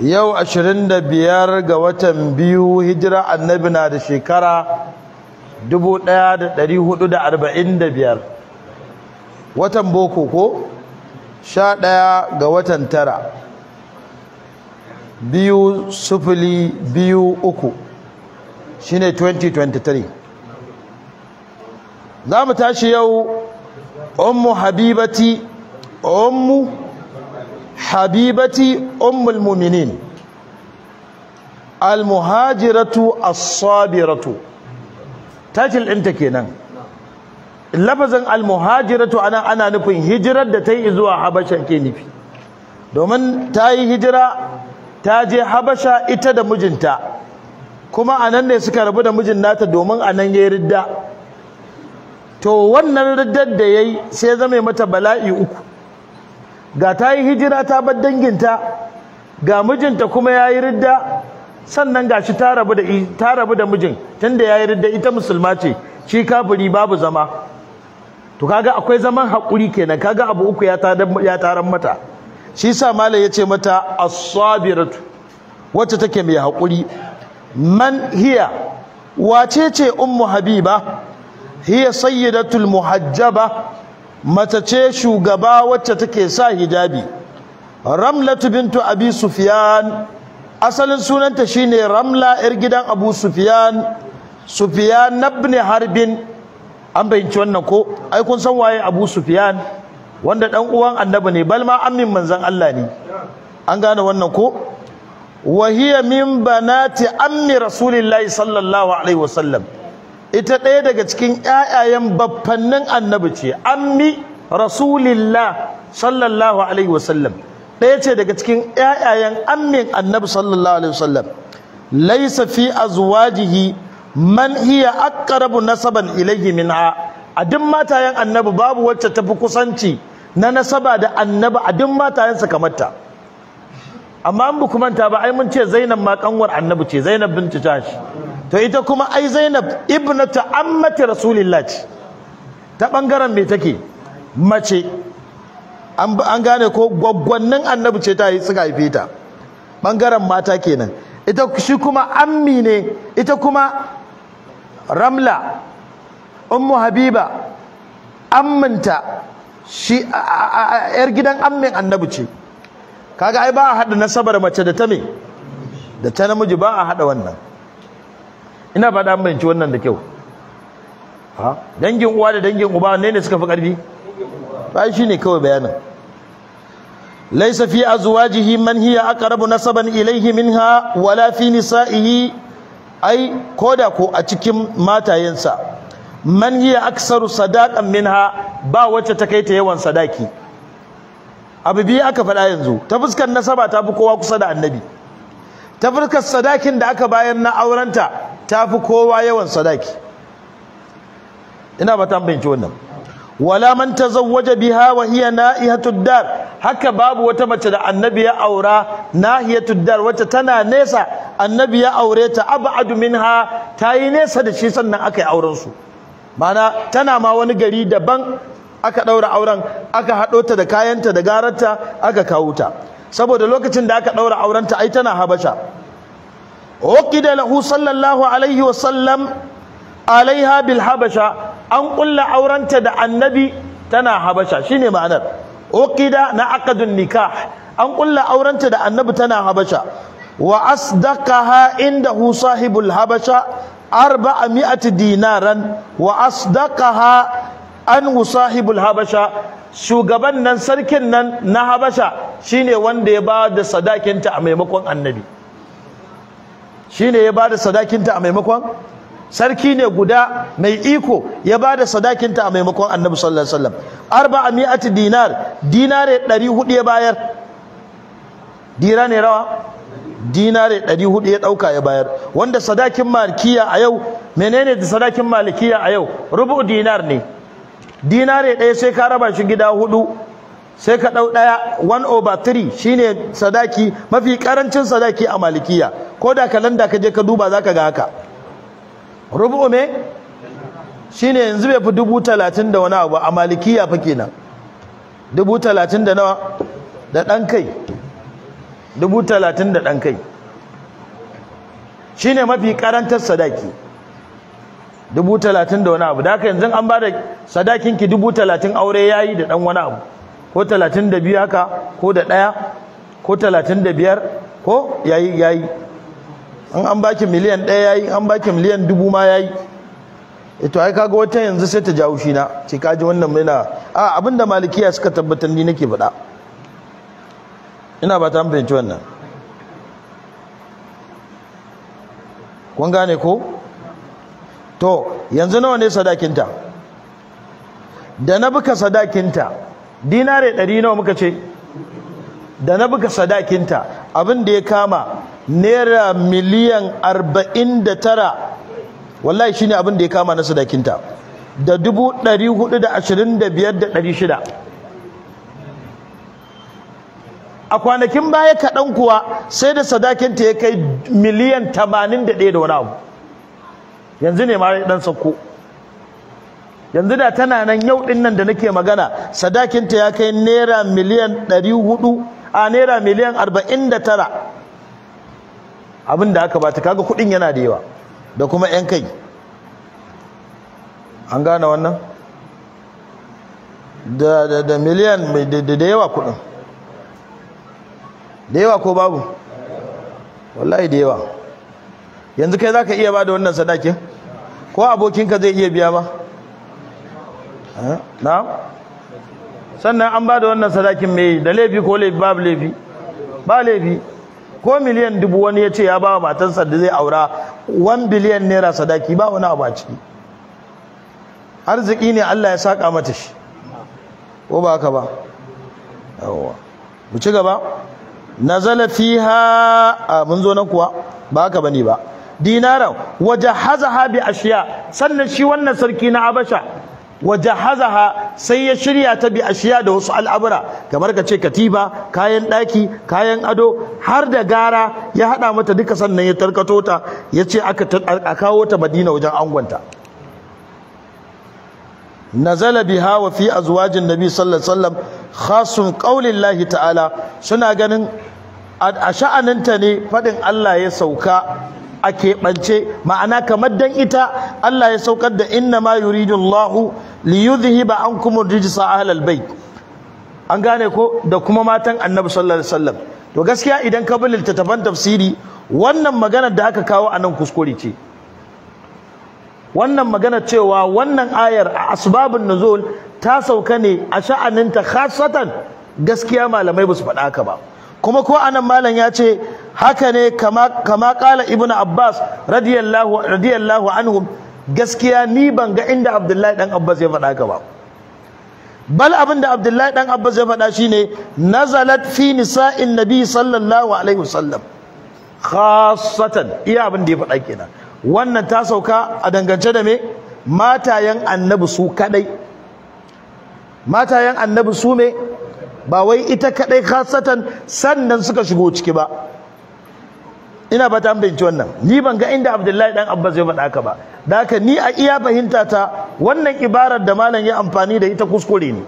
yau 25 ga watan biyu hijira annabi na da shekara 1445 watan boko ko 11 ga watan tara biyu sufuli biyu uku shine 2023 za mu tashi yau ummu habibati ummu habibati ummul muminin almuhajiratu as-sabiratu title ɗinta kenan lafazin almuhajiratu ana ana nufin hijirar da ta yi zuwa habasha ke nufi domin ta yi hijira ta je habasha ita da mijinta kuma a nan ne suka rabu da mijin nata domin a nan ya yi ridda to wannan riddar da ya yi sai zama mata bala'i uku ga ta yi hijira ta bar danginta ga mijinta kuma ya yi ridda sannan shi ta rabu da ta rabu da mijin tunda ya yi ridda ita musulma ce shi kafiri babu zama to kaga akwai zaman haƙuri kenan kaga abu uku ya ya taran mata shi yasa malam ce mata as-sabiratu wacce take mai haƙuri? man hiya wace ce ummu habiba hiya sayyidatul muhajjaba mace ce shugaba wacce take sa hijabi ramlatu bintu abi sufyan asalin sunanta shine ramla yar gidan abu sufyan sufyan ibn harbin an bayyance wannan ko ai kun san waye abu sufyan wanda dan uwan annabi ne balma amin manzon Allah ne an gane wannan ko wa hiya min banati ammi rasulillahi sallallahu alaihi wasallam ita ɗaya daga cikin ƴaƴayen baffannin annabi ce ammi rasulillah sallallahu alaihi wasallam ɗaya ce daga cikin ƴaƴayen ammin annabi sallallahu alaihi wasallam laysa fi azwajihi man hiya aqrabu nasaban ilayhi minha a duk matayen annabi babu wacce tafi kusanci na nasaba da annabi a duk matayensa kamar ta amma an bu ta ba ai mun ce Zainab ma kanwar annabi ce Zainab bint Jahsh to ita kuma ai Zainab ibnatu ammati rasulillah ta bangaren me take mace an gane ko gwaggwannin annabi ce ta yi suka haife ta bangaren mata kenan ita shi kuma ammi ne ita kuma ramla ummu habiba amminta shi yar gidan ammin annabi ce kaga ai ba a hada nasabar mace da ta me da ta namiji ba a hada wannan ina ba da an bayanci wannan da kyau dangin uwa da dangin uba ne ne suka fi karfi ba shi ne kawai bayanin laisa fi azwajihi man hiya aqrabu nasaban ilayhi minha wala fi nisa'ihi ai koda ko a cikin matayensa man hiya aksaru sadaqan minha ba wacce ta kai ta yawan sadaki abu biyu aka faɗa yanzu ta fuskar nasaba ta fi kowa kusa da annabi ta fuskar sadakin da aka bayan na aurenta ta fi kowa yawan sadaki ina ba ta binci wannan wala man tazawwaja biha wa hiya na'ihatud dar haka babu wata mace da annabi ya aura nahiyatud dar wacce tana nesa annabi ya aure ta ab'adu minha tayi nesa da shi sannan aka yi auren su mana tana ma wani gari daban aka daura auren aka hado ta da kayanta da ta aka kawo ta saboda lokacin da aka daura auren ta ai tana habasha وقد له صلى الله عليه وسلم عليها بالحبشة أن قل أورنت دا النبي تنا حبشة شيني معنى وقد نعقد النكاح أن قل أورنت دا النبي تنا حبشة وأصدقها عنده صاحب الحبشة أربعمائة دينارا وأصدقها أنه صاحب الحبشة shugaban nan sarkin nan na habasha shine wanda ya ba da sadakinta a maimakon annabi shine ya bada sadakinta a maimakon sarki ne guda mai iko ya bada sadakinta a maimakon annabi sallallahu alaihi wasallam arba'a mi'ati dinar dinare 400 ya bayar dira ne rawa dinare 400 ya dauka ya bayar wanda sadakin malikiya a yau menene da sadakin malikiya a yau rubu dinar ne dinare ɗaya sai ka raba shi gida hudu sai ka ɗau ɗaya 1 over 3 shine sadaki mafi ƙarancin sadaki a malikiya ko da kalanda ka je ka duba za ka ga haka rubu me ne yanzu bai fi dubu talatin da wani abu a malikiya fa kenan dubu talatin da nawa da ɗan kai dubu talatin da ɗan kai shine mafi karantar sadaki dubu talatin da wani abu da haka yanzu an ba da sadakinki dubu talatin aure ya yi da ɗan wani abu ko 32 haka ko da ɗaya ko 35 ko yayi yayi an an baki miliyan ɗaya yayi an baki miliyan dubu ma yayi ito e ai kaga wata yanzu sai ta jawo shi na ce kaji wannan muna a abinda malikiya suka tabbatar ni nake faɗa ina ba ta fahimci wannan kun gane ko to yanzu nawa ne sadakinta da na buka sadakinta dinare ɗari nawa muka ce da na buga sadakinta abin da ya kama naira miliyan arba'in da tara wallahi shine abin da ya kama na sadakinta da dubu ɗari hudu da ashirin da biyar da ɗari shida a kwanakin baya kaɗan kuwa sai da sadakinta ya kai miliyan tamanin da ɗaya da wani abu yanzu ne ma ɗan sauko yanzu da tana nan yau din nan da nake magana sadakinta ya kai naira miliyan 400 a naira miliyan 49 abin da aka bata kaga kudin yana da yawa da kuma yan kai an gane wannan da da miliyan da yawa kudin da yawa ko babu wallahi da yawa yanzu kai zaka iya bada wannan sadakin ko abokinka zai iya biya ba Eh? na'am sannan an ba da wannan sadakin mai da laifi ko laifi babu laifi ba laifi ko miliyan dubu wani ya ce ya ba wa matarsa da zai aura 1 biliyan naira sadaki ba wani abu a ciki arziki ne Allah ya saka mata shi ko ba haka ba yawa mu ci gaba nazala fiha mun zo nan kuwa ba haka bane ba dinaran wajahazaha bi ashiya sannan shi wannan sarki na abasha Waje wajahazaha sai ya shirya ta bi ashiya da wasu al'abura kamar ka ce katiba kayan ɗaki kayan ado har da gara ya haɗa mata duka sannan ya tarkato ta ya ce a kawo ta madina wajen angonta nazala biha wa fi azwajin nabi sallallahu alaihi wasallam khasun qaulillahi ta'ala suna ganin a sha'aninta ne faɗin Allah ya sauka a keɓance ma'ana kamar dan ita Allah ya saukar da inna ma yuridu Allah li yudhhiba ankum rijsa ahlal bait an gane ko da kuma matan Annabi sallallahu alaihi wasallam to gaskiya idan ka bi littattafan tafsiri wannan maganar da aka kawo anan kuskure ce wannan magana cewa wannan ayar a asbabun nuzul ta sauka ne a sha'aninta khasatan gaskiya malamai ba su faɗa haka ba kuma ko anan malam ya ce haka ne kama kama kala ibnu abbas radiyallahu radiyallahu anhum gaskiya ni ban ga inda abdullahi dan abbas ya faɗa ka ba bal abinda abdullahi dan abbas ya faɗa shine nazalat fi nisa'in nabi sallallahu alaihi wasallam khassatan iya abin da ya faɗa kenan wannan ta sauka a dangance da me matayen annabi su kadai matayen annabi su me ba wai ita kadai khasatan sannan suka shigo ciki ba ina ba ta ambaci wannan ni ban ga inda Abdullahi dan Abbas ya faɗa ka ba da haka ni a iya fahimta ta wannan ibarar da malam ya amfani da ita kuskure ne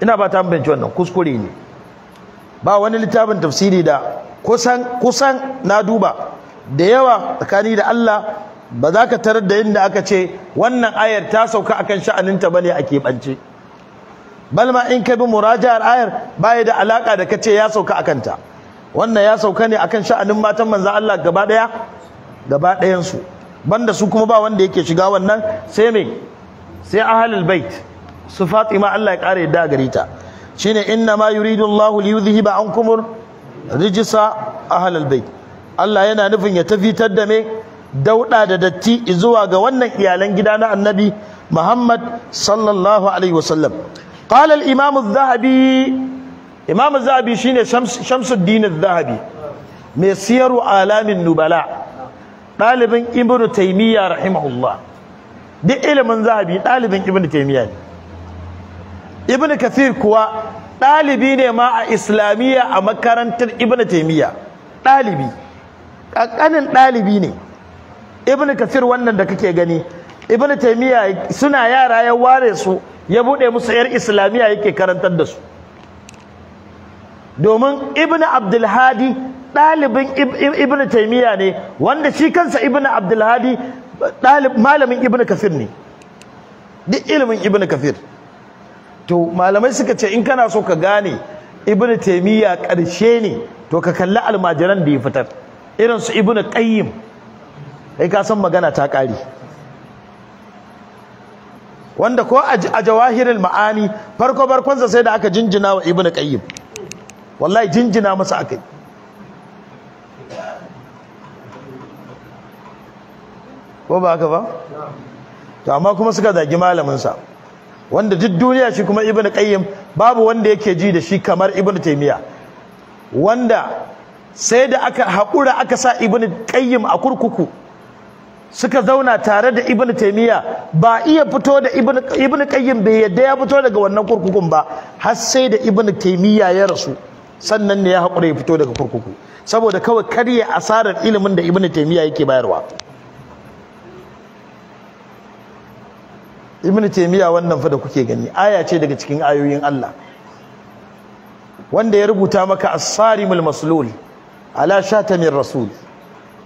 ina ba ta ambaci wannan kuskure ne ba wani littafin tafsiri da kusan kusan na duba da yawa tsakani da Allah ba za ka tarar da yadda aka ce wannan ayar ta sauka akan sha'aninta ne a keɓance balma in ka bi muraja'ar ayar baya da alaka da kace ya sauka akanta ta wannan ya sauka ne akan sha'anin matan manzon Allah gaba daya gaba dayan su banda su kuma ba wanda yake shiga wannan sai me sai ahlul bait su Fatima Allah ya kare da gare ta shine inna ma yuridu Allah li yudhhiba ankum rijsa ahlul bait Allah yana nufin ya tafitar da me dauda da datti zuwa ga wannan iyalan gida na Annabi Muhammad sallallahu alaihi wasallam qala al imam zahabi imam zahabi shine shamsuddin az-zahabi mai siyarwa alamin nubala dalibin ibnu taymiya rahimahullah duk ilimin zahabi dalibin Ibn taymiya ne ibnu kathir kuwa ɗalibi ne ma a islamiyya a makarantar ibnu taymiya dalibi kankanin dalibi ne ibnu kathir wannan da kake gani ibnu taymiya suna yara ya ware su ya buɗe musu 'yar islamiyya yake karantar da su domin ibn abdulhadi ɗalibin ibn taimiyya ne wanda shi kansa ibn abdulhadi malamin ibn kafir ne duk ilimin ibn kafir to malamai suka ce in kana so ka gane ibnu taimiyya ƙarshe ne to ka kalli almajiran da ya fitar irin su ibn qayyim kai ka san magana ta ƙari wanda ko a jawahirul ma'ani farko barkonsa sai da aka jinjina wa ibnu qayyim wallahi jinjina masa yi ko ba haka ba to amma kuma suka zagi malaminsa wanda duk duniya shi kuma ibnu qayyim babu wanda yake ji da shi kamar ibnu taymiya wanda sai da aka haƙura aka sa ibnu qayyim a kurkuku suka zauna tare da ibn taimiyya ba iya fito da ibnu ibnu bai yadda ya fito daga wannan kurkukun ba har sai da ibn taimiyya ya rasu sannan ne ya haƙura ya fito daga kurkuku saboda kawai karya asarar ilimin da ibn taimiyya yake bayarwa ibn taimiyya wannan fa da kuke gani aya ce daga cikin ayoyin Allah wanda ya rubuta maka as-sarimul maslul ala shatamin rasul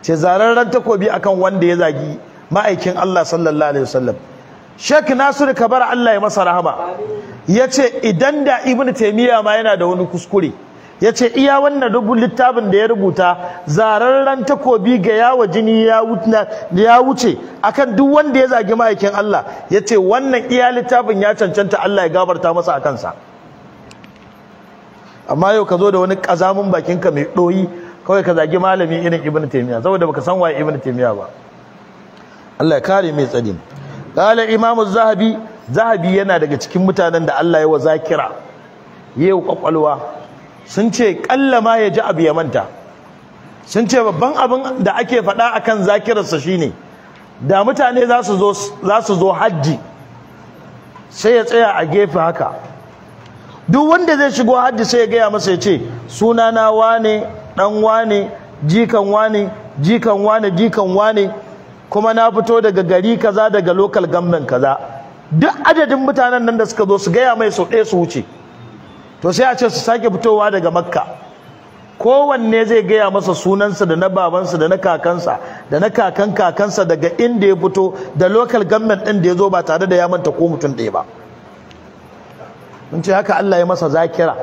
ce zararren takobi akan wanda ya zagi ma'aikin Allah sallallahu alaihi wasallam Sheikh Nasir Kabar Allah ya masa rahama yace idan da Ibn Taymiyyah ma yana da wani kuskure yace iya wannan rubun littafin da ya rubuta zararren takobi ga yawa jini ya wuce ya wuce akan duk wanda ya zagi ma'aikin Allah yace wannan iya littafin ya cancanta Allah ya gabarta masa a kansa amma yau ka zo da wani kazamin bakinka mai ɗoyi kawai ka zagi malami irin ibnu taymiya saboda baka san waye ibnu taymiya ba Allah ya kare mai tsadi qala imamu zahabi zahabi yana daga cikin mutanen da Allah ya wa yau kwakwalwa sun ce kallama ya ji abu ya manta sun ce babban abin da ake faɗa akan zakirarsa shine da mutane za su zo za su zo hajji sai ya tsaya a gefe haka duk wanda zai shigo hajji sai ya gaya masa ya ce sunana wane ɗan wane jikan wane jikan wane jikan wane kuma na fito daga gari kaza daga local government kaza duk adadin mutanen nan da suka zo su gaya mai sau ɗaya su wuce to sai a ce su sake fitowa daga makka kowanne zai gaya masa sunansa da na babansa da na kakansa da na kakan kakansa daga inda ya fito da local government ɗin da ya zo ba tare da ya manta ko mutum ɗaya ba mun ce haka Allah ya masa zakira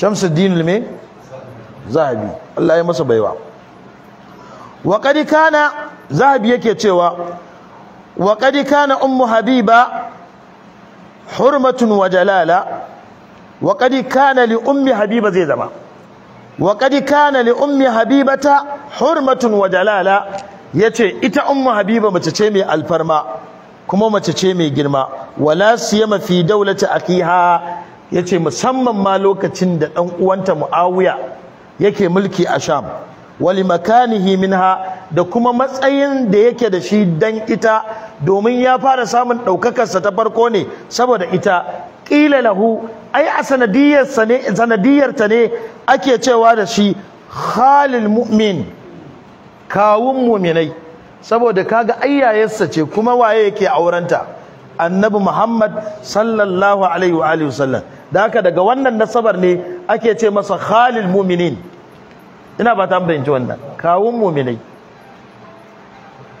shamsuddin me zahabi Allah masa baiwa wa qad zahabi yake cewa wa qad kana habiba hurmatun wa jalala wa qad ummi habiba zai zama wa qad kana li ummi habibata hurmatun wa jalala yace ita umma habiba mace ce mai alfarma kuma mace ce mai girma wala mafi fi akiha yace musamman ma lokacin da dan uwanta Muawiya yake mulki a Sham wali makanihi minha da kuma matsayin da yake da shi dan ita domin ya fara samun ɗaukakarsa ta farko ne saboda ita ƙila lahu ai a ne sanadiyarta ne ake cewa da shi halin mu'min kawun muminai saboda kaga ayyayarsa ce kuma waye yake aurenta annabi Muhammad sallallahu alaihi wa alihi wasallam da haka daga wannan nasabar ne ake ce masa khalil mu'minin ina ba ta bayyana wannan kawun mu'minai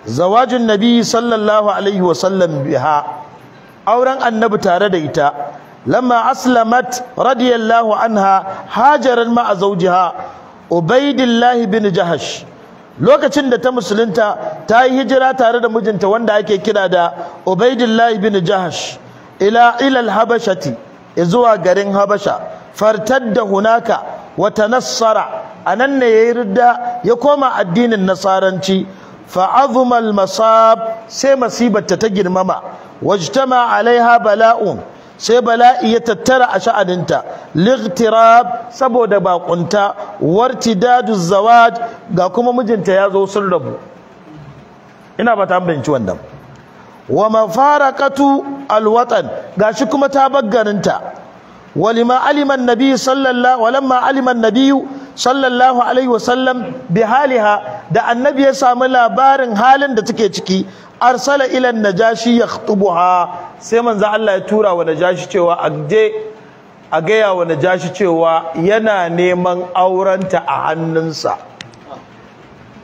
zawajin nabi sallallahu alaihi wasallam biha auren annabi tare da ita lamma aslamat radiyallahu anha hajaran ma a zaujiha ubaidillahi jahash lokacin da ta musulunta ta yi hijira tare da mijinta wanda ake kira da Ubaidillah bin Jahash ila ilal habashati zuwa garin Habasha fartadda hunaka wa tanassara anan ne yayi ridda ya koma addinin nasaranci fa azuma masab sai masibata ta girmama wajtama alaiha bala'un sai bala'i ya tattara a sha'aninta lightirab saboda baƙunta wartidadu zawaj ga kuma mijinta ya zo sun rabu ina ba ta binci wannan wa mafarakatu alwatan gashi kuma ta bagganinta walima alima annabi sallallahu walamma alima annabi sallallahu alaihi wasallam bi haliha da annabi ya samu labarin halin da take ciki arsala ila najashi yakhtubuha sai manzo Allah ya tura wa najashi cewa aje a gaya wa najashi cewa yana neman aurenta a hannunsa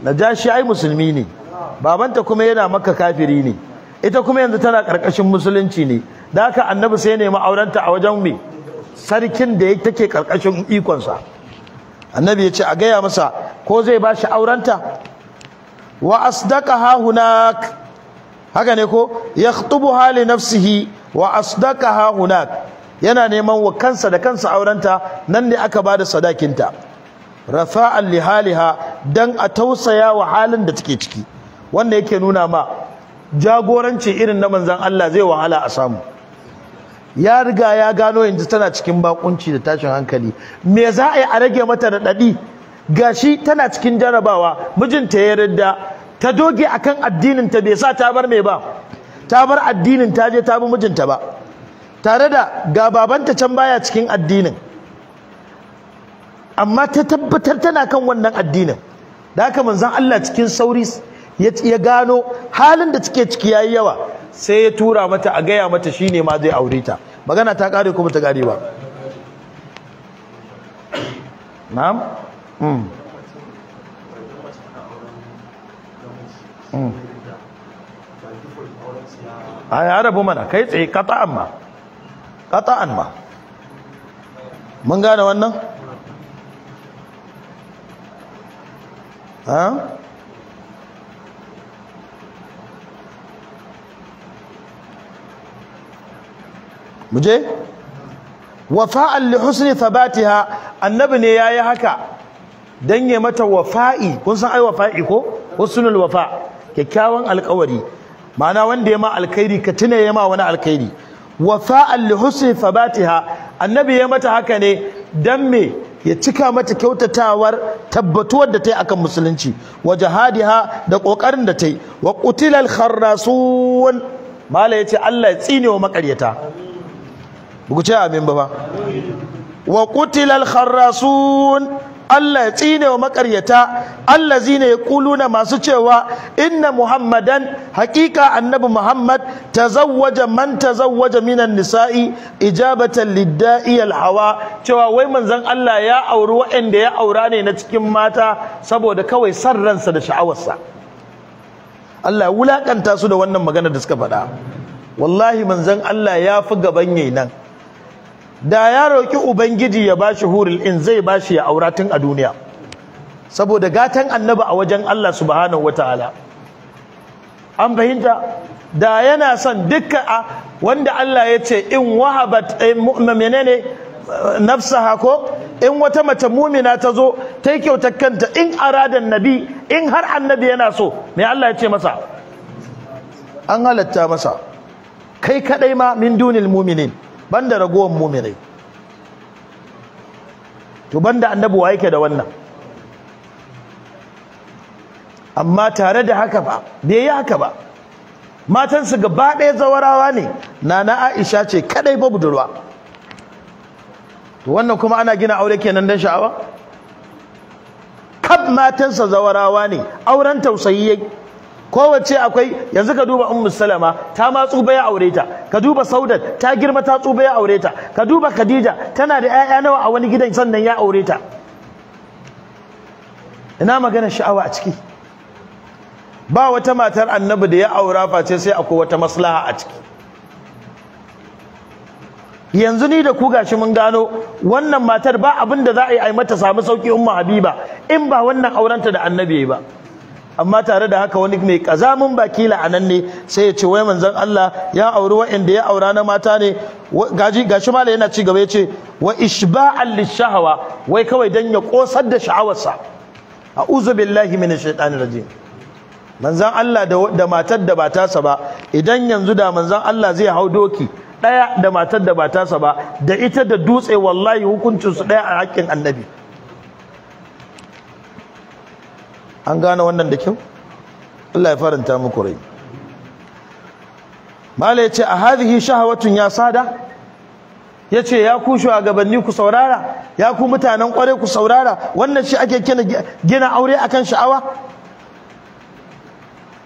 najashi ai musulmi ne babanta kuma yana maka kafiri ne ita kuma yanzu tana karkashin musulunci ne da haka annabi sai nemi aurenta a wajen mai sarkin da take karkashin ikonsa annabi ya ce a gaya masa ko zai ba shi aurenta wa ha hunak haka ne ko khutubu hali nafsihi wa ha hunak yana neman wa kansa da kansa aurenta nan ne aka ba da sadakinta rafa'an lihaliha liha dan a tausaya wa halin da take ciki wanda yake nuna ma jagoranci irin na manzan Allah zai wahala a samu ya riga ya gano yanzu tana cikin bakunci da tashin hankali me za a yi a rage mata da dadi gashi tana cikin jarabawa mijinta ya yarda ta doge akan addinin ta bai sa ta bar me ba ta bar addinin ta je ta bi mijinta ba tare da ga babanta can baya cikin addinin amma ta tabbatar tana kan wannan addinin da haka manzon Allah cikin sauri ya gano halin da suke ciki yayi yawa sai ya tura mata a gaya mata shine ma zai aure ta magana ta kare kuma ta kare ba na'am mm. mm. a ya rabu mana kai tsaye kata'an ma kata'an ma mun gane wannan? ha? muje wafa'an li husni thabatiha annabi ne yayi haka dan ya mata wafa'i kun san ai wafa'i ko husnul wafa kyakkyawan alƙawari ma'ana wanda ya ma alkhairi ka tuna ya ma wani alƙairi wafa'an li husni thabatiha annabi ya mata haka ne dan me ya cika mata kyautatawar tabbatuwar da ta yi akan musulunci wa hadiha da kokarin da ta yi wa qutilal kharrasun mala yace Allah ya tsine wa makaryata ba ku ce amin ba ba wa kutilal kharrasun Allah ya tsine wa makaryata allazina kuluna masu cewa inna muhammadan hakika annabi muhammad tazawwaja man tazawwaja minan nisa'i ijabatan lidda'i alhawa cewa wai manzon Allah ya auri waɗanda ya aura ne na cikin mata saboda kawai san ransa da sha'awarsa Allah ya wulakanta su da wannan magana da suka faɗa wallahi manzon Allah ya fi gaban yayin nan da ya roki ubangiji ya bashi hurul in zai ba shi ya aura tun a duniya saboda gatan annabi a wajen Allah subhanahu wataala an fahimta da yana son dukka a wanda Allah ya ce in wahabat eh, menene nafsaha ko in wata mace mumina ta zo ta yi kyautar kanta in aradan nabi in har annabi yana so me Allah ya ce masa an halatta masa kai kadai ma min dunil muminin banda ragowar mumirai to banda annabi wa yake da wannan amma tare da haka ba bai yi haka ba matan su gaba ɗaya zawarawa ne nana aisha ce kadai ba budurwa to wannan kuma ana gina aure kenan dan sha'awa kab matansa zawarawa ne auren tausayi yake kowace akwai yanzu ka duba ummu salama ta ma tsuba ya aure ta ka duba saudat ta girma ta tsubaya ya aure ta ka duba khadija tana da 'ya'ya nawa a wani gidan sannan ya aure ta ina magana sha'awa a ciki ba wata matar annabi da ya aura face sai akwai wata maslaha a ciki yanzu ni da ku gashi mun gano wannan matar ba abin da za a yi mata samu sauki umma habiba in ba wannan aurenta da annabi ba amma tare da haka wani mai kazamin baki la'anan ne sai ya ce wai manzon Allah ya auri wa'anda ya aura na mata ne gaji gashi mala yana ci gaba ya ce wa ishba'al lishahawa wai kawai dan ya kosar da sha'awarsa a'udhu billahi minash shaitani rajim manzon Allah da matar da ba tasa ba idan yanzu da manzon Allah zai hau doki daya da matar da ba tasa ba da ita da dutse wallahi hukuncin su daya a hakkin annabi an gane wannan da kyau Allah ya faranta muku rai malai yace a hadhihi shahawatun ya sada yace ya ku gabanni ku saurara ya ku mutanen kware ku saurara wannan shi ake kina gina aure akan sha'awa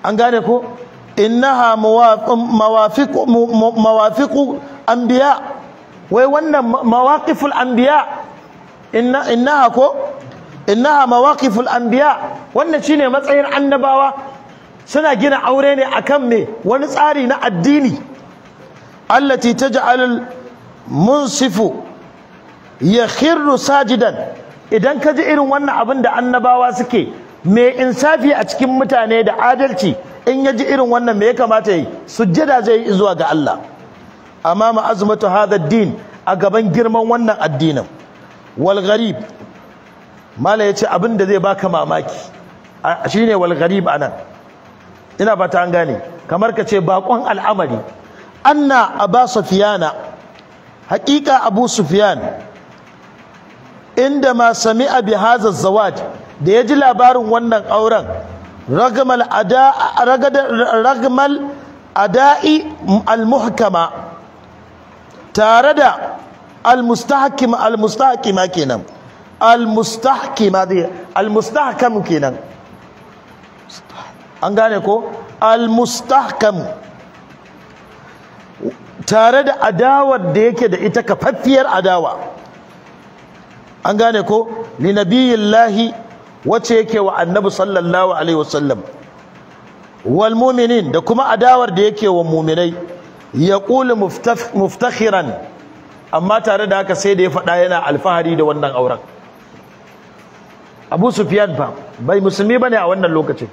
an gane ko innaha mawafiqu mawafiqu anbiya wai wannan mawaqiful anbiya inna innaha ko innaha mawaqiful anbiya wannan shine matsayin annabawa suna gina aure ne akan me wani tsari na addini allati taj'al munsifu yakhirru sajidan idan ka ji irin wannan abin da annabawa suke me insafi a cikin mutane da adalci in ya ji irin wannan me ya kamata yi sujjada zai yi zuwa ga Allah amma ma'azmatu hadha din a gaban girman wannan addinin wal gharib mala ya ce abin da zai baka mamaki shine ne walgarib a nan ina fata an gane kamar ka ce bakon al'amari anna aba sufiyana haƙiƙa abu sufiyan inda ma sami abi haza zawaj da ya ji labarin wannan auren ragmal ada'i al tare da al-mustahkima kenan al-mustahkima dai al-mustahkam kenan an gane ko al-mustahkam tare da adawar da yake da ita kafaffiyar adawa an gane ko li nabiyillahi wacce yake wa annabi sallallahu alaihi wasallam wal mu'minin da kuma adawar da yake wa mu'minai yaqulu muftakhiran amma tare da haka sai da ya faɗa yana alfahari da wannan auren Abu Sufyan fa bai musulmi bane a wannan lokacin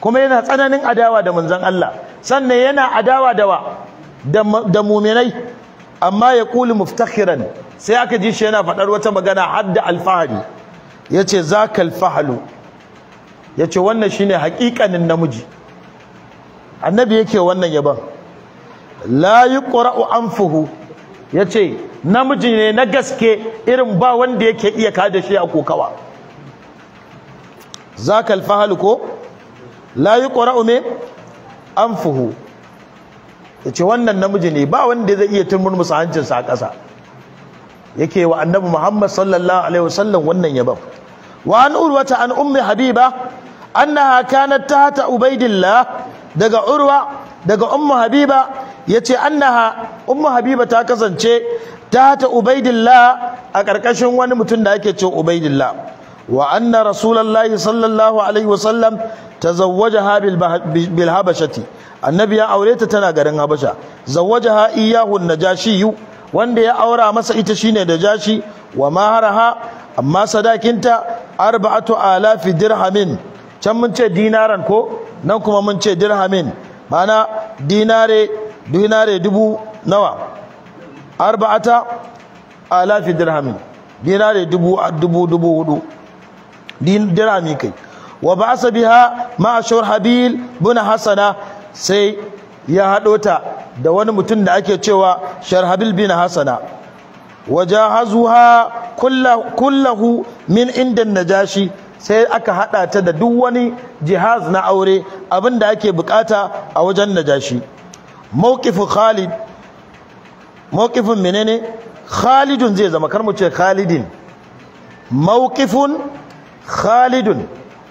kuma yana tsananin adawa da manzon Allah sannan yana adawa da wa da mu'minai amma ya kulu muftakhiran sai aka ji shi yana faɗar wata magana hadda alfahari yace zakal fahlu yace wannan shine haqiqanin namiji annabi yake wannan yaban la yuqra'u anfuhu yace namiji ne na gaske irin ba wanda yake iya kada shi a kokawa zaka alfahalu ko la yuqra'u fuhu. anfuhu yace wannan namiji ne ba wanda zai iya turmur musu hancinsa a ƙasa yake wa annabi Muhammad sallallahu alaihi wasallam wannan yabon wa an urwata an ummi habiba annaha kanat tahta ubaidillah daga urwa daga ummu habiba yace annaha ummu habiba ta kasance tahta ubaidillah a ƙarƙashin wani mutum da ake ce ubaidillah wa anna rasulullahi sallallahu alaihi wasallam tazawwajaha bil habashati annabi ya aure ta tana garin habasha zawwajaha iyahu najashi wanda ya aura masa ita shine jashi wa maharaha amma sadakinta arba'atu alafi dirhamin can mun ce dinaran ko nan kuma mun ce dirhamin mana dinare dinare dubu nawa arba'ata alafi dirhamin dinare dubu dubu dubu hudu dirami kai wa ba sa biha ma'ashur habil bin hasana sai ya haɗo ta da wani mutum da ake cewa sharhabil bin hasana wajahazuha kullahu min inda najashi sai aka hada ta da duk wani jihaz na aure abinda ake bukata a wajen najashi mawqifu khalid mawqifun menene khalidun zai zama kar mu ce khalidin mawqifun khalidun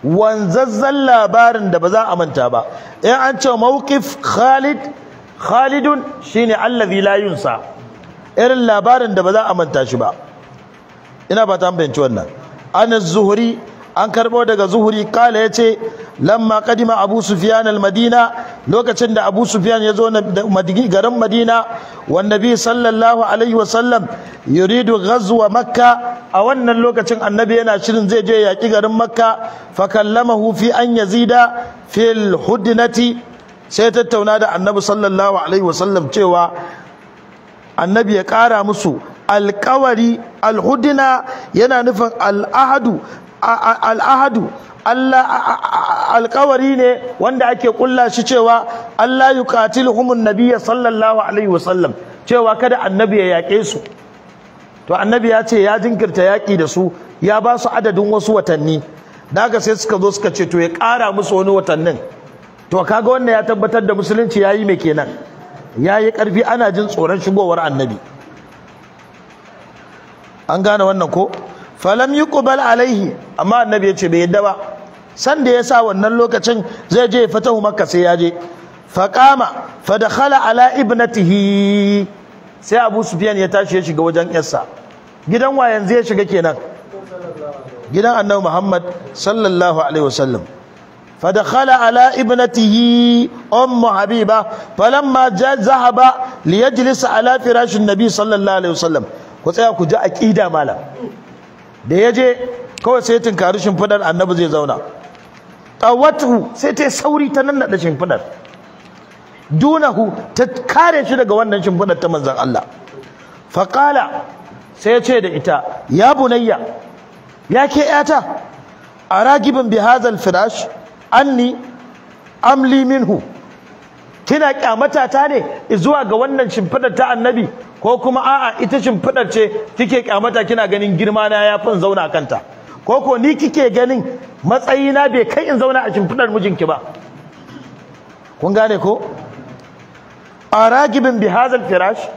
wanzazzan labarin da ba za a manta ba in an ce mawqif khalid khalidun shine allazi la yunsa irin labarin da ba za a manta shi ba ina ba ta ambaci wannan an zuhuri an karbo daga zuhuri kala ya ce lamma kadima abu sufiyan al-madina lokacin da abu sufiyan ya zo garin madina wannabi sallallahu alaihi wasallam yuridu ghazwa makka a wannan lokacin annabi yana shirin zai je yaƙi garin makka fa kallamahu fi an yazida fil hudnati sai tattauna da annabi sallallahu alaihi wasallam cewa annabi ya ƙara musu alƙawari alhudina yana nufin al'ahadu al'ahadu Allah alkawari ne wanda ake kulla shi cewa Allah humun Nabiya sallallahu alaihi wasallam cewa kada annabi ya yaƙe su to annabi ya ce ya jinkirta yaki da su ya ba su adadin wasu watanni daga sai suka zo suka ce to ya ƙara musu wani watannin to kaga wannan ya tabbatar da musulunci ya yi mai kenan yi ƙarfi ana jin tsoron shigowar annabi an gane wannan ko falam yuqbal alaihi amma annabi ya ce bai yadda ba san da yasa wannan lokacin zai je fatahu makka sai ya je faqama fa dakhala ala ibnatihi sai Abu Sufyan ya tashi ya shiga wajen yarsa gidan wa yanzu ya shiga kenan gidan Annabi Muhammad sallallahu alaihi wasallam فدخل على ابنته أم حبيبة فلما جاء ذهب ليجلس على فراش النبي صلى الله عليه وسلم وتأكل جاء أكيدا مالا da ya je kawai sai tinkari shimfidar annabi zai zauna tawatu sai ta sauri ta nan da shimfidar dunahu ta kare shi daga wannan shimfidar ta manzan Allah Faƙala sai ya ce da ita ya bunayya ya ke yata aragibin bihazal firash anni amli minhu kina kyamata ta ne zuwa ga wannan shimfidar ta annabi ko kuma a'a ita shimfidar ce kike kyamata kina ganin girma na ya fin zauna kanta ko ko ni kike ganin matsayina bai kai in zauna a shimfidar mijinki ba kun gane ko aragibin bi hazal firash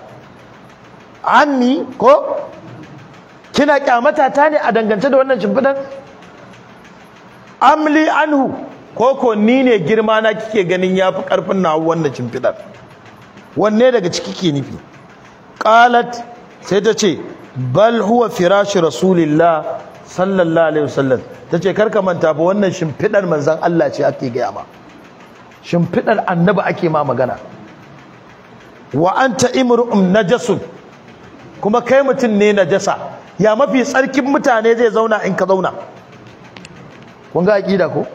anni ko kina kyamata ta ne a dangance da wannan shimfidar amli anhu koko ni ne girma na kike ganin ya fi karfin na wannan cimfidar wanne daga ciki ke nufi Ƙalat sai ta ce bal huwa firashi rasulillah sallallahu alaihi wasallam ce karka manta ba wannan shimfidar manzan Allah ce ake gaya ma shimfidar annabi ake ma magana wa anta imru'un najasun kuma kai mutum ne najasa ya mafi tsarkin mutane zai zauna in ka zauna kun ga aqida ko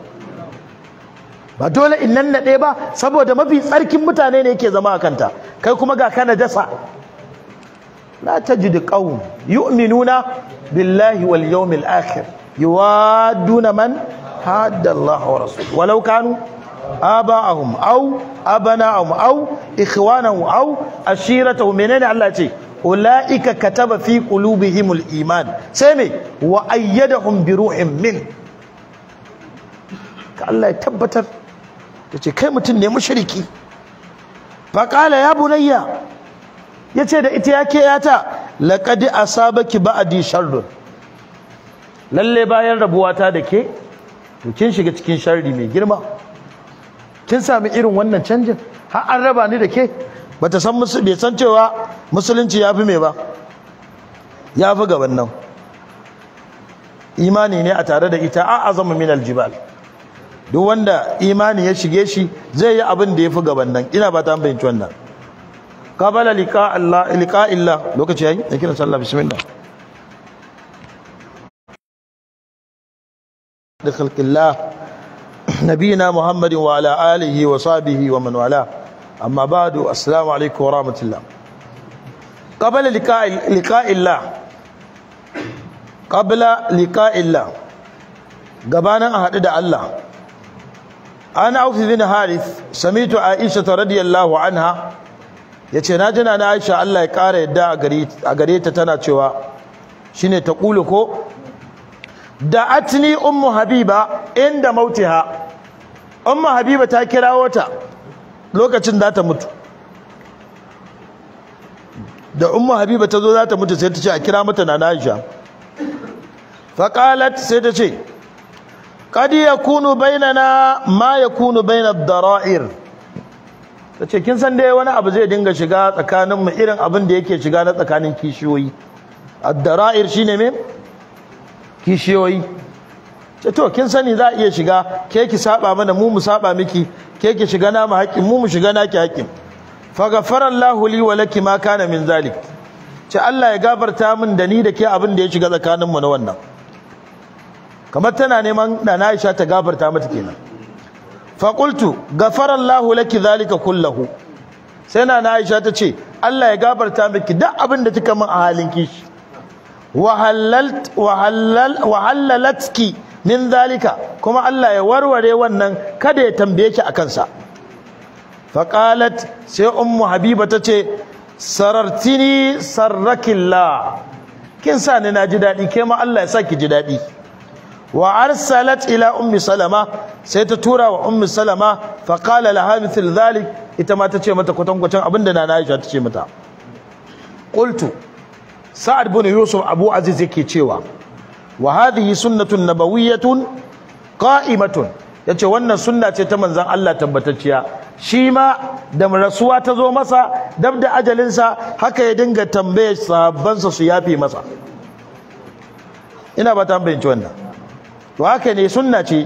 ba dole in nan naɗe ba saboda mafi tsarkin mutane ne yake zama a kanta kai kuma ga kana dasa la tajidu qawm yu'minuna billahi wal yawmil akhir yuwadduna man hadda Allah wa rasul walau kanu aba'ahum aw abana'ahum aw ikhwanahum aw ashiratahum menene Allah ce ulaika kataba fi qulubihimul iman sai me wa ayyadahum bi ruhin min ka Allah ya tabbatar yace kai mutum ne mushriki fa qala ya bunayya yace da ita yake yata laqad asabaki ba'di sharrun lalle bayan rabuwa ta da ke to kin shiga cikin sharri mai girma kin sami irin wannan canjin har an raba ni da ke bata san musu bai san cewa musulunci yafi mai ba yafi gaban nan imani ne a tare da ita a azamu min aljibal duk wanda imani ya shige shi zai yi abin da ya fi gaban nan ina ba ta an bayyana wannan qabala liqa Allah liqa illa lokaci yayi da kiran sallah bismillah da khalqillah nabiyina muhammadin wa ala alihi wa sahbihi wa man wala amma ba'du assalamu alaikum wa rahmatullah qabala liqa liqa illa qabla liqa illa gabanin a hadu da Allah An aufi bin harith samitu aisha ta radiyallahu anha ya ce na jina na aisha allah ya ƙara yadda a gare ta tana cewa shi ne ta ƙulu ko da atni ummu habiba inda mautiha ummu habiba ta kirawo ta lokacin za ta mutu da ummu habiba ta zo za ta mutu sai ta ce a kira mata na aisha faƙalat sai ta ce kunu yakunu na ma kunu bainad dara'ir tace kin san dai wani abu zai dinga shiga tsakanin mu irin abin da yake shiga na tsakanin kishiyoyi ad-dara'ir shine me kishiyoyi ce to kin sani za a iya shiga ke ki saba mana mu mu saba miki ke ki shiga na mu haƙƙin mu mu shiga naki haƙƙin fa farar li wa laki ma kana min zalik ce Allah ya gafarta min da ni da ke abin da ya shiga tsakanin mu na wannan kamar tana neman na Aisha ta gafarta mata kenan fa qultu ghafara Allahu laki zalika kullahu sai na Aisha ta ce Allah ya gafarta miki duk abin da kika min a halin kishi wa halalt wa min zalika kuma Allah ya warware wannan kada ya tambaye ki akan sa fa qalat sai ummu habiba ta ce sarartini sarrakillah kin sa na ji daɗi ke ma Allah ya sa ki ji daɗi wa arsalat ila ummi salama sai ta tura wa ummi salama fa qala laha mithl dhalik ita ma tace mata kwatankwacin abinda nana Aisha tace mata qultu sa'ad bin yusuf abu aziz yake cewa wa hadhihi sunnatun nabawiyyatun qa'imatun yace wannan sunna ce ta manzon Allah tabbatacciya shi ma da rasuwa ta zo masa dab da ajalinsa haka ya dinga tambaya sahabbansa su yafe masa ina ba ta ci wannan to haka ne sunna ce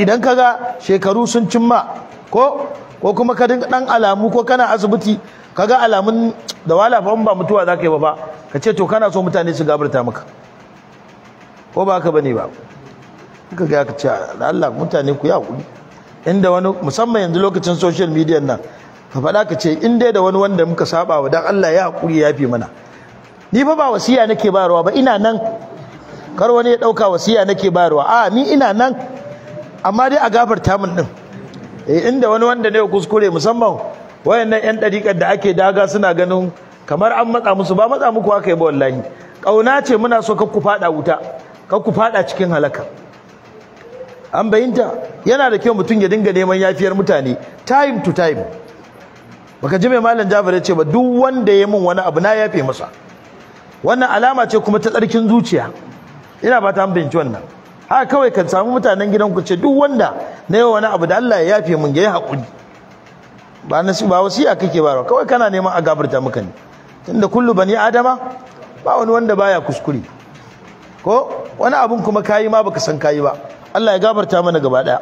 idan kaga shekaru sun cimma ko ko kuma ka dan alamu ko kana asibiti kaga alamun da wala fa ba mutuwa zaka yi ba ka ce to kana so mutane su gabarta maka ko ba ka bane ba ka ga ka ce Allah mutane ku ya hakuri inda wani musamman yanzu lokacin social media nan ka faɗa ka ce in dai da wani wanda muka saba wa dan Allah ya hakuri ya fi mana ni fa ba wasiya nake bayarwa ba ina nan kar wani ya dauka wasiya nake bayarwa a ni ina nan amma dai a gafarta min din eh inda wani wanda ne kuskure musamman wayannan yan dariƙar da ake daga suna ganin kamar an matsa musu ba matsa muku aka yi ba wallahi kauna ce muna so kar ku fada wuta kar ku fada cikin halaka an bayinta yana da kyau mutum ya dinga neman yafiyar mutane time to time baka ji mai malam Jafar ya ce ba duk wanda ya min wani abu na yafe masa wannan alama ce kuma ta tsarkin zuciya ina ba ta fahimci wannan haka kawai kan samu mutanen gidan ku ce duk wanda na yau wani abu da Allah ya yafe mun yi hakuri ba su ba wasiya kake ba kawai kana neman a gabarta maka ne tunda kullu bani adama ba wani wanda baya kuskure ko wani abun kuma kayi ma baka san kayi ba Allah ya gabarta mana gaba daya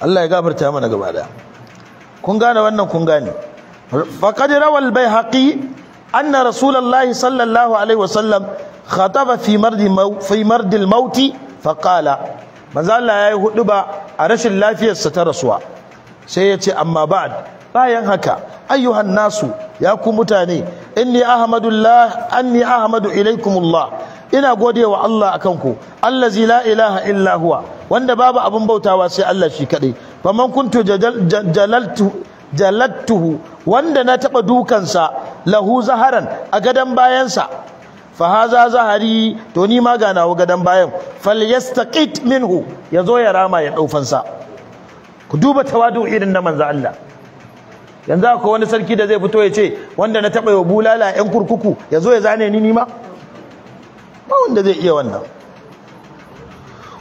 Allah ya gabarta mana gaba daya kun gane wannan kun gane faqad rawal bayhaqi anna rasulullahi sallallahu alaihi wasallam khataba fi mardi fi mardi al-maut fa qala a rashin lafiyarsa ta rasuwa sai yace amma ba'ad bayan haka ayyuhan nasu ya ku mutane inni ahmadullah anni ahmadu ilaikumullah ina godewa Allah a akan ku allazi la ilaha illa huwa wanda babu abin bautawa sai Allah shi kaɗai faman kuntu jalaltu jalattuhu wanda na taɓa dukansa lahu zaharan a gadon bayansa fa haza zahari to ni ma ga nawo gadan bayan yastaqit minhu yazo ya rama ya daufansa ku duba tawadu irin na manzo Allah yanzu akwai wani sarki da zai fito ya ce wanda na taba yau bulala yan kurkuku ya zo ya zane ni nima ba wanda zai iya wannan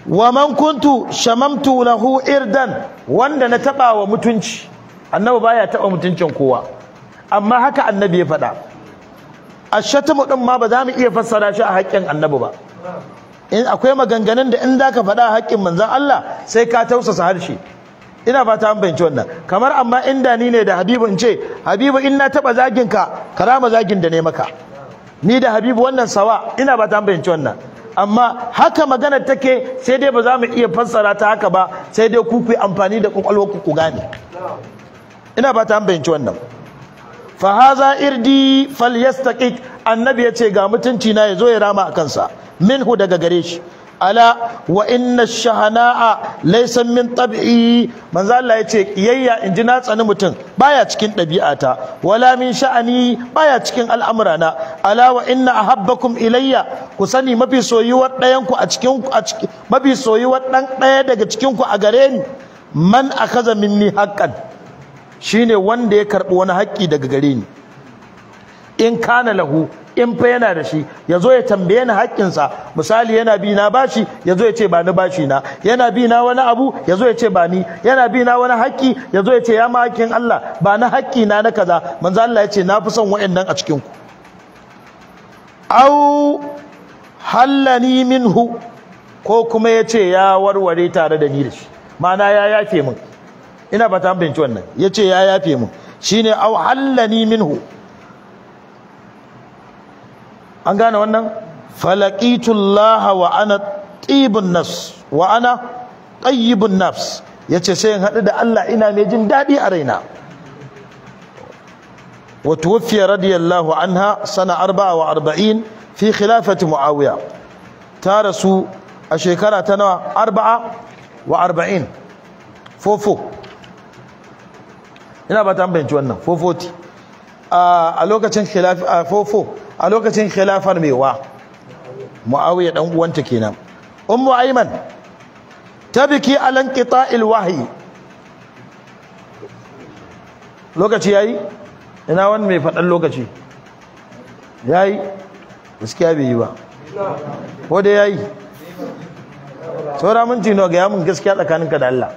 wa man kuntu shamamtu lahu irdan wanda na taɓa wa mutunci annabi baya taba mutuncin kowa amma haka annabi ya fada ashatamu ɗin ma ba za mu iya fassara shi a haƙƙin annabi ba in akwai maganganun da in zaka faɗa haƙƙin manzon Allah sai ka tausasa harshe ina fata an bayyance wannan kamar amma inda ni ne da Habibu in ce Habibu in na taba zagin ka karama zagin da ne maka ni da Habibu wannan sawa ina fata an bayyance wannan amma haka magana take sai dai ba za mu iya fassara ta haka ba sai dai ku ku amfani da kwakwalwar ku ku gane ina ba ta ambayanci wannan fa haza irdi falyastaqiq annabi ce ga mutunci na zo ya rama a kansa minhu daga gare shi ala wa inna shahana'a laysa min tab'i manzo Allah yace kiyayya inji na tsani mutum baya cikin ɗabi'ata wala min sha'ani baya cikin al'amurana ala wa inna ahabbakum ilayya ku sani mafi soyuwar ɗayan ku a cikin mafi soyuwar ɗan ɗaya daga cikin ku a gare ni man akaza minni haqqan shine wanda ya karɓi wani haƙƙi daga gare ni in kana lahu in fa yana da shi ya zo ya tambaye ni haƙƙinsa misali yana bi na bashi ya zo ya ce ba ni bashi na yana bi na wani abu ya zo ya ce ba ni yana bi na wani haƙƙi ya zo ya ce ya ma haƙƙin Allah ba na haƙƙi na na kaza manzo Allah ya ce na fi son wa'annan a cikin ku au hallani minhu ko kuma ya ce ya warware tare da ni da shi ma'ana ya yafe min ina ba ta fahimci wannan ya ce ya yafe mu shine au hallani minhu an gane wannan falaqitullaha wa ana tibun nafs wa ana nafs yace sai in haɗu da Allah ina mai jin daɗi a raina wa tuwfiya radiyallahu anha sana arba'in fi khilafati muawiya ta rasu a shekara ta nawa arba'a wa arba'in fofo. ina ba ta ambanci wannan 440 a lokacin khilafa 44 a lokacin khilafar mewa muawiya dan uwanta kenan ummu ayman tabiki alan qita'il wahyi lokaci yayi ina wani mai fadan lokaci yayi gaskiya bai yi ba ko da yayi saura minti nawa ga yamin gaskiya tsakaninka da Allah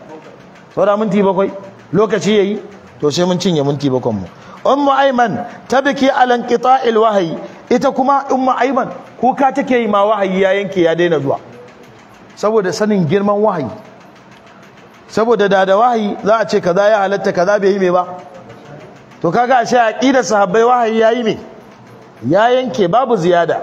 saura minti bakwai lokaci yayi to sai mun cinye minti bakon mu ummu ayman tabki ala inqita'il wahyi ita kuma ummu ayman kuka take yi ma wahayi ya yanke ya daina zuwa saboda sanin girman wahayi saboda da da wahayi za a ce kaza ya halatta kaza bai yi me ba to kaga ashe aqida sahabbai wahayi yayi me ya yanke babu ziyada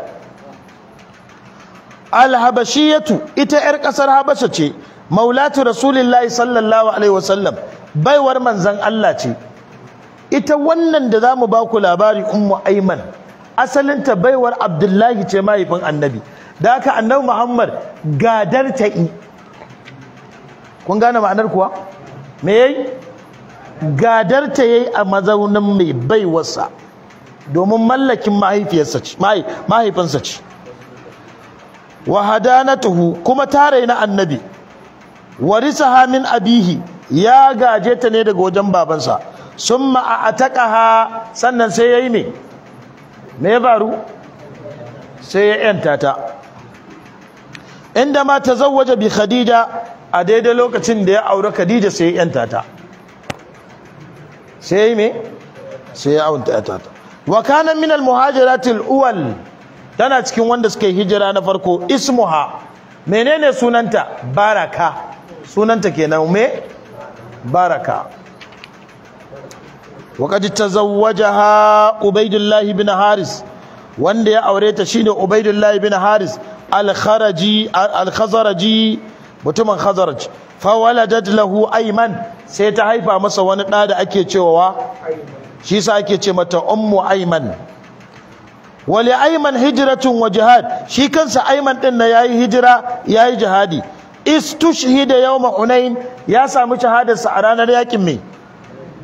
al habashiyatu ita yar kasar habasha ce maulatu rasulillahi sallallahu alaihi wasallam baiwar manzan Allah ce ita wannan da zamu ba ku labari ummu aiman asalinta baiwar abdullahi ce mahaifin annabi da haka annabi muhammad gadar ta yi kun gane ma'anar kuwa me yayi gadar ta yayi a mazaunin mai baiwarsa domin mallakin mahaifiyarsa ce mahaifinsa ce wa hadanatuhu kuma tare na annabi warisaha min abihi ya gaje ta ne daga wajen babansa summa a'taqaha sannan sai yayi me me ya faru sai ya yanta ta inda ma tazawwaja bi khadija a daidai lokacin da ya aure khadija sai ya yanta ta sai yayi me sai ya aunta ta wa kana min al muhajiratil uwal tana cikin wanda suka yi hijira na farko ismuha menene sunanta baraka sunanta kenan me baraka وقد تزوجها عبيد الله بن wanda ya aure ta shine Ubaidullahi ibn Haris al-Kharaji al-Khazraji mutumin Khazraj fa waladat lahu Ayman sai ta haifa masa wani da da ake cewa shi sa ake ce mata ummu Ayman wali Ayman hijratun wa jihad shi kansa Ayman din na yayi hijira yayi jihadi istushhida yawma hunain ya samu shahadarsa a ranar yakin mai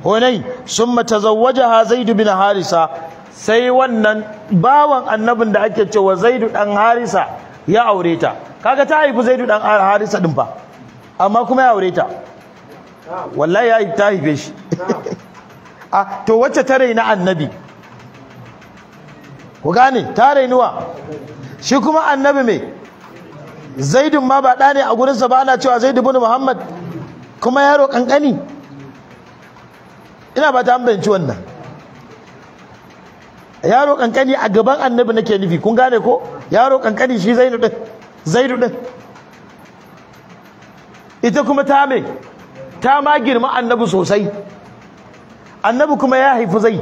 hunain summa tazawwajaha zaid bin harisa sai wannan bawan annabin da ake cewa zaidu dan harisa ya aure ta kaga ta haifi zaidu dan harisa din fa amma kuma ya aure ta wallahi ya ta haife shi a ah, to wacce ta raina annabi ku gane ta rainuwa shi kuma annabi mai zaidun ma ba ɗa ne a gurinsa ba ana cewa zaidu bin muhammad kuma yaro ƙanƙani ina ba ta ambanci wannan yaro ƙanƙani a gaban annabi nake nufi kun gane ko yaro ƙanƙani shi zaidu din zaidu ita kuma ta me ta ma girma annabi sosai annabi kuma ya haifi zai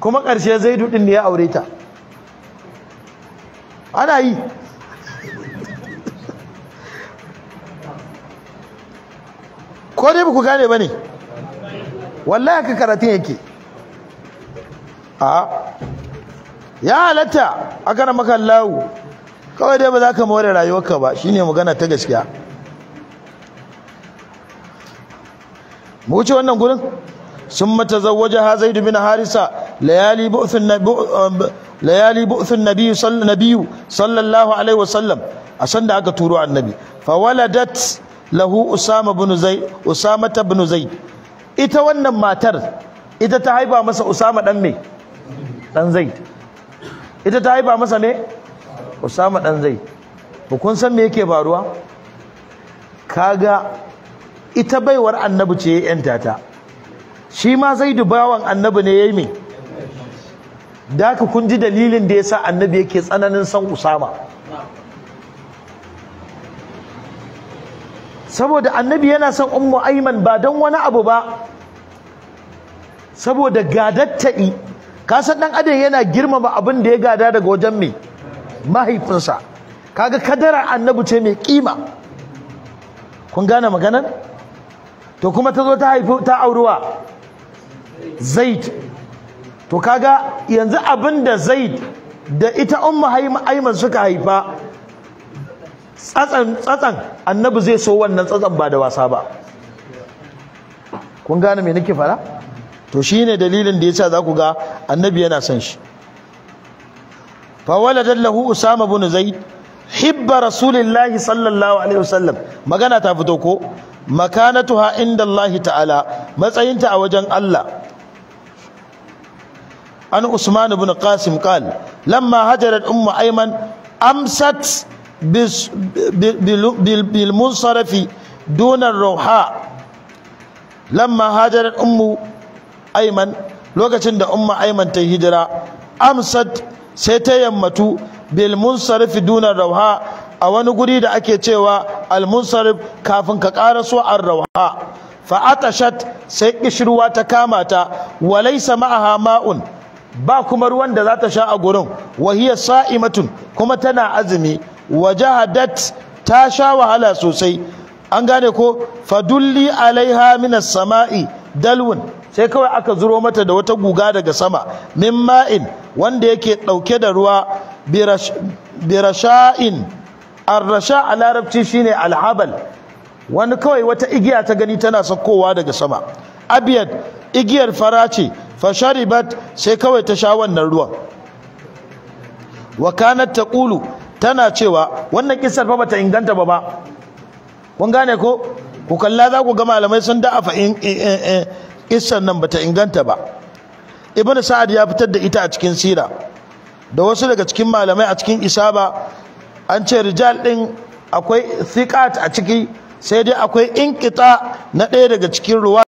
kuma ƙarshe zaidu din ne ya aure ta ana yi ko dai ku gane ba ne wallahi haka karatun yake a ya halatta a kana maka lawu kawai dai ba za ka more rayuwarka ba shine magana ta gaskiya mu wuce wannan gurin sun mata zawaja ha zaidu bin harisa layali bu'thun um, layali bu'thun nabiyyu sallallahu alaihi wasallam a sanda aka turo annabi fa waladat lahu usama bin zaid usama bin zaid ita wannan matar ita ta haifa masa usama dan me dan zaid ita ta haifa masa me usama dan zaid ku kun san me yake faruwa kaga ita baiwar annabi ce yan tata shi ma zaidu bawan annabi ne yayi me da ka kun ji dalilin da yasa annabi yake tsananin san usama saboda annabi yana son ummu aiman ba don wani abu ba saboda gadatta'i ka san dan adam yana girmama abin da ya gada daga wajen mai mahaifinsa kaga kadarar annabi ce mai kima kun gane maganan. to kuma ta zo ta haifi ta auruwa zaid to kaga yanzu abin da zaid da ita ummu aiman suka haifa tsatsan tsatsan annabi zai so wannan tsatsan ba da wasa ba kun gane me nake fara to shine dalilin da ya yasa za ku ga annabi yana son shi fa waladat lahu usama ibn zaid hibba rasulillahi sallallahu alaihi wasallam magana ta fito ko makanatuha inda Allah ta'ala matsayinta a wajen Allah an Usman ibn Qasim qal lamma hajarat umma aiman amsat lamma hajjar الروحاء aiman lokacin da ta aiman ta hijira أيمن sai ta yammatu bilmunsarafi dunar roha a wani guri da ake cewa almunsarif kafin ka karaso Rauha. fa fa'atashat sai kishirwa ta kama ta sama ma'aha ma'un ba kuma ruwan da za ta sha a gurin wahiya sa'imatun kuma tana azumi wajahadat ta sha wahala sosai an gane ko fadulli alaiha minas sama'i dalwun sai kawai aka zuro mata da wata guga daga sama min ma'in wanda yake dauke da ruwa birasha'in arrasha a larabci shine alhabal wani kawai wata igiya ta gani tana sakkowa daga sama abiyad igiyar fara ce fasharibat sai kawai ta sha wannan ruwan wa kanat taqulu tana cewa wannan kisar fa bata inganta ba ba kun gane ko ku kalla za ku ga malamai sun da'afa in kisar nan bata inganta ba ibnu sa'ad ya fitar da ita a cikin sira da wasu daga cikin malamai a cikin isaba an ce rijal din akwai thiqat a ciki sai dai akwai inqita na ɗaya daga cikin ruwa